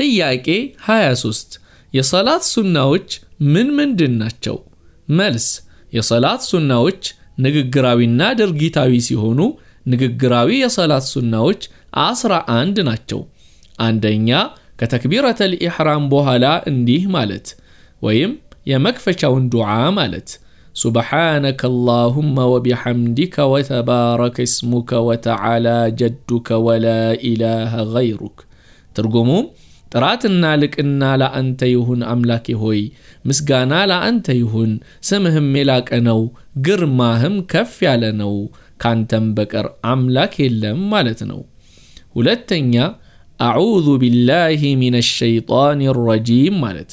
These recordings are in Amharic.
ጥያቄ 23 የሰላት ሱናዎች ምን ምንድን ናቸው? መልስ የሰላት ሱናዎች ንግግራዊና ድርጊታዊ ሲሆኑ ንግግራዊ የሰላት ሱናዎች 11 ናቸው። አንደኛ ከተክቢረተል ኢሕራም በኋላ እንዲህ ማለት ወይም የመክፈቻውን ዱዓ ማለት سبحانك اللهم وبحمدك وتبارك اسمك وتعالى جدك ولا إله غيرك ጥራትና ልቅና ለአንተ ይሁን አምላኬ ሆይ ምስጋና ለአንተ ይሁን ስምህም የላቀ ነው ግርማህም ከፍ ያለ ነው ካንተም በቀር አምላክ የለም ማለት ነው ሁለተኛ አዑዙ ቢላሂ ሚን ሸይጣን ረጂም ማለት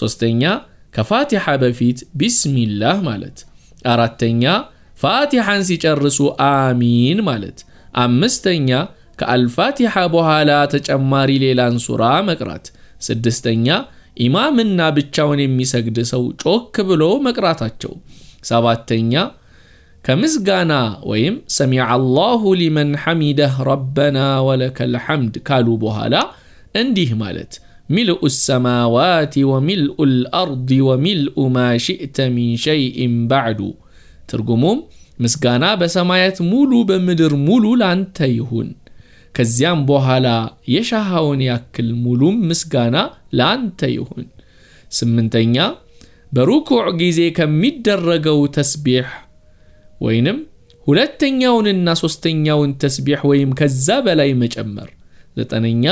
ሶስተኛ ከፋቲሓ በፊት ቢስሚላህ ማለት አራተኛ ፋቲሓን ሲጨርሱ አሚን ማለት አምስተኛ ከአልፋቲሓ በኋላ ተጨማሪ ሌላን ሱራ መቅራት። ስድስተኛ ኢማምና ብቻውን የሚሰግድ ሰው ጮክ ብሎ መቅራታቸው። ሰባተኛ ከምስጋና ወይም ሰሚዐ አላሁ ሊመን ሐሚደህ ረበና ወለከል ሐምድ ካሉ በኋላ እንዲህ ማለት ملء السماوات وملء الأرض وملء ما شئت من شيء بعد ترجموم مسجانا بسمايات مولو بمدر مولو لانتيهون ከዚያም በኋላ የሻሃውን ያክል ሙሉም ምስጋና ለአንተ ይሁን። ስምንተኛ በሩኩዕ ጊዜ ከሚደረገው ተስቢሕ ወይንም ሁለተኛውንና ሦስተኛውን ተስቢሕ ወይም ከዛ በላይ መጨመር። ዘጠነኛ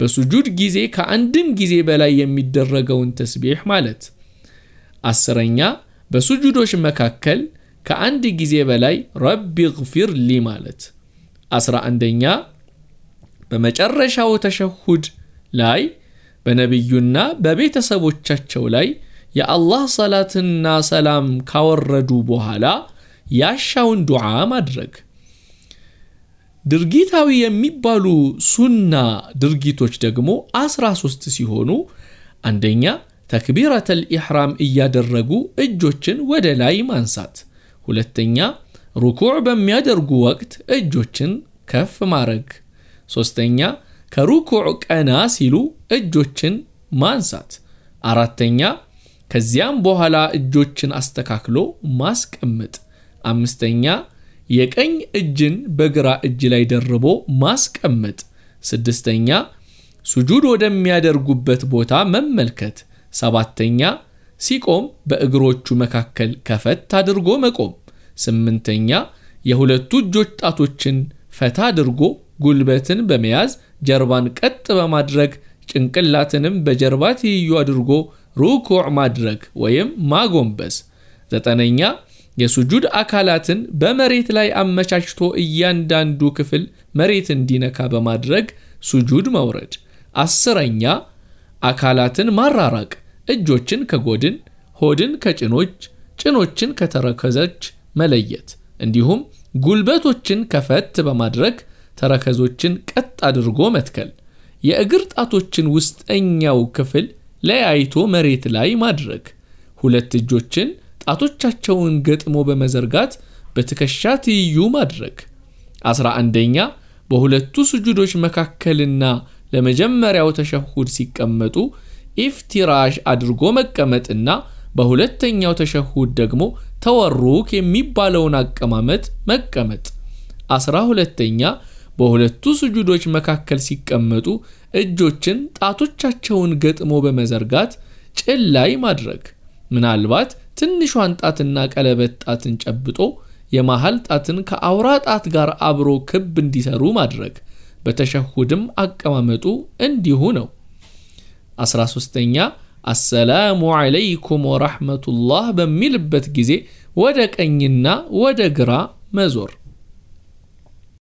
በሱጁድ ጊዜ ከአንድም ጊዜ በላይ የሚደረገውን ተስቢሕ ማለት። አስረኛ በሱጁዶች መካከል ከአንድ ጊዜ በላይ ረቢ ግፊር ሊ ማለት። አስራ አንደኛ በመጨረሻው ተሸሁድ ላይ በነቢዩና በቤተሰቦቻቸው ላይ የአላህ ሰላትና ሰላም ካወረዱ በኋላ ያሻውን ዱዓ ማድረግ ድርጊታዊ የሚባሉ ሱና ድርጊቶች ደግሞ 13 ሲሆኑ አንደኛ ተክቢረተል ኢሕራም እያደረጉ እጆችን ወደ ላይ ማንሳት፣ ሁለተኛ ሩኩዕ በሚያደርጉ ወቅት እጆችን ከፍ ማድረግ ሶስተኛ ከሩኩዕ ቀና ሲሉ እጆችን ማንሳት። አራተኛ ከዚያም በኋላ እጆችን አስተካክሎ ማስቀመጥ። አምስተኛ የቀኝ እጅን በግራ እጅ ላይ ደርቦ ማስቀመጥ። ስድስተኛ ሱጁድ ወደሚያደርጉበት ቦታ መመልከት። ሰባተኛ ሲቆም በእግሮቹ መካከል ከፈት አድርጎ መቆም። ስምንተኛ የሁለቱ እጆች ጣቶችን ፈታ አድርጎ ጉልበትን በመያዝ ጀርባን ቀጥ በማድረግ ጭንቅላትንም በጀርባ ትይዩ አድርጎ ሩኩዕ ማድረግ ወይም ማጎንበስ። ዘጠነኛ የሱጁድ አካላትን በመሬት ላይ አመቻችቶ እያንዳንዱ ክፍል መሬት እንዲነካ በማድረግ ሱጁድ መውረድ። አስረኛ አካላትን ማራራቅ፣ እጆችን ከጎድን፣ ሆድን ከጭኖች፣ ጭኖችን ከተረከዘች መለየት እንዲሁም ጉልበቶችን ከፈት በማድረግ ተረከዞችን ቀጥ አድርጎ መትከል፣ የእግር ጣቶችን ውስጠኛው ክፍል ለያይቶ መሬት ላይ ማድረግ፣ ሁለት እጆችን ጣቶቻቸውን ገጥሞ በመዘርጋት በትከሻ ትይዩ ማድረግ። አስራ አንደኛ በሁለቱ ስጁዶች መካከልና ለመጀመሪያው ተሸሁድ ሲቀመጡ ኢፍቲራሽ አድርጎ መቀመጥና በሁለተኛው ተሸሁድ ደግሞ ተወሩክ የሚባለውን አቀማመጥ መቀመጥ። አስራ ሁለተኛ በሁለቱ ስጁዶች መካከል ሲቀመጡ እጆችን ጣቶቻቸውን ገጥሞ በመዘርጋት ጭን ላይ ማድረግ፣ ምናልባት ትንሿን ጣትና ቀለበት ጣትን ጨብጦ የመሃል ጣትን ከአውራ ጣት ጋር አብሮ ክብ እንዲሰሩ ማድረግ። በተሸሁድም አቀማመጡ እንዲሁ ነው። 13ኛ አሰላሙ ዓለይኩም ወራህመቱላህ በሚልበት ጊዜ ወደ ቀኝና ወደ ግራ መዞር